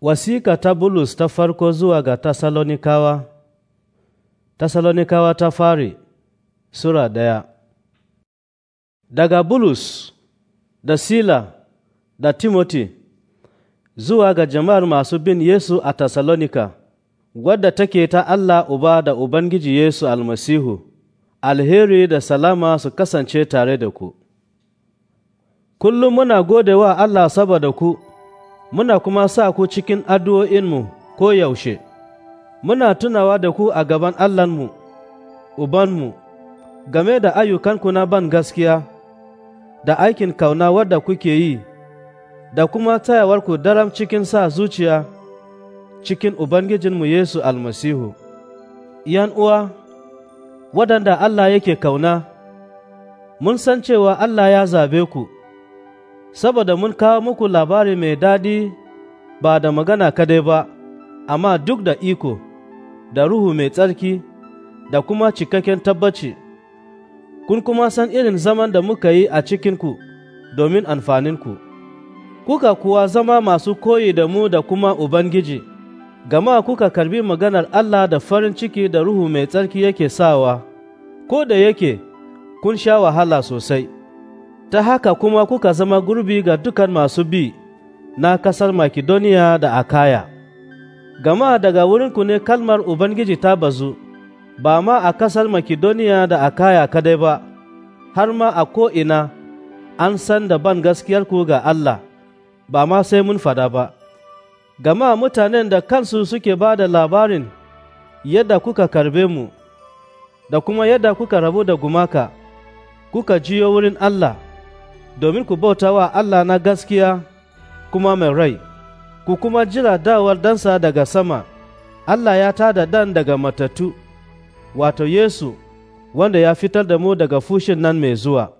Wasika ta Bulus ta farko zuwa ga Tasalonikawa Tasalonikawa ta fari Sura ɗaya Daga Bulus da Sila da Timoti zuwa ga jama'ar masu bin Yesu a Tasalonika, wadda take ta Allah Uba da Ubangiji Yesu almasihu, alheri da salama su kasance tare da ku. Kullum muna gode wa Allah saboda ku. muna kuma sa ku cikin addu'o'inmu ko yaushe, muna tunawa da ku a gaban Allahnmu, Ubanmu, game da ayyukanku na ban gaskiya, da aikin kauna wadda kuke yi, da kuma tayawarku daram cikin sa zuciya cikin Ubangijinmu Yesu almasihu. ‘Yan uwa, waɗanda Allah yake kauna, mun san cewa Allah ya zabe ku. saboda mun kawo muku labari mai daɗi ba da magana kadai ba, amma duk da iko, da ruhu mai tsarki, da kuma cikakken tabbaci, kun kuma san irin zaman da muka yi a cikinku domin amfaninku, kuka kuwa zama masu koyi da mu da kuma Ubangiji, gama kuka karbi maganar Allah da farin ciki da ruhu mai tsarki yake sawa, ko da yake kun sha wahala sosai. ta haka kuma kuka zama gurbi ga dukan masu bi na kasar Makidoniya da Akaya. Gama daga wurinku ne kalmar Ubangiji ta bazu, ba ma a kasar Makidoniya da Akaya kadai ba, har ma a ko'ina an san da ban gaskiyarku ga Allah, ba ma sai mun fada ba. Gama mutanen da kansu suke ba da labarin yadda kuka karbe mu, da kuma yadda kuka rabu da gumaka, kuka jiyo wurin Allah. domin ku bauta wa Allah na gaskiya kuma mai rai, ku kuma jira dawar dansa daga sama, Allah ya tada dan daga matattu, wato Yesu, wanda ya fitar da mu daga fushin nan mai zuwa.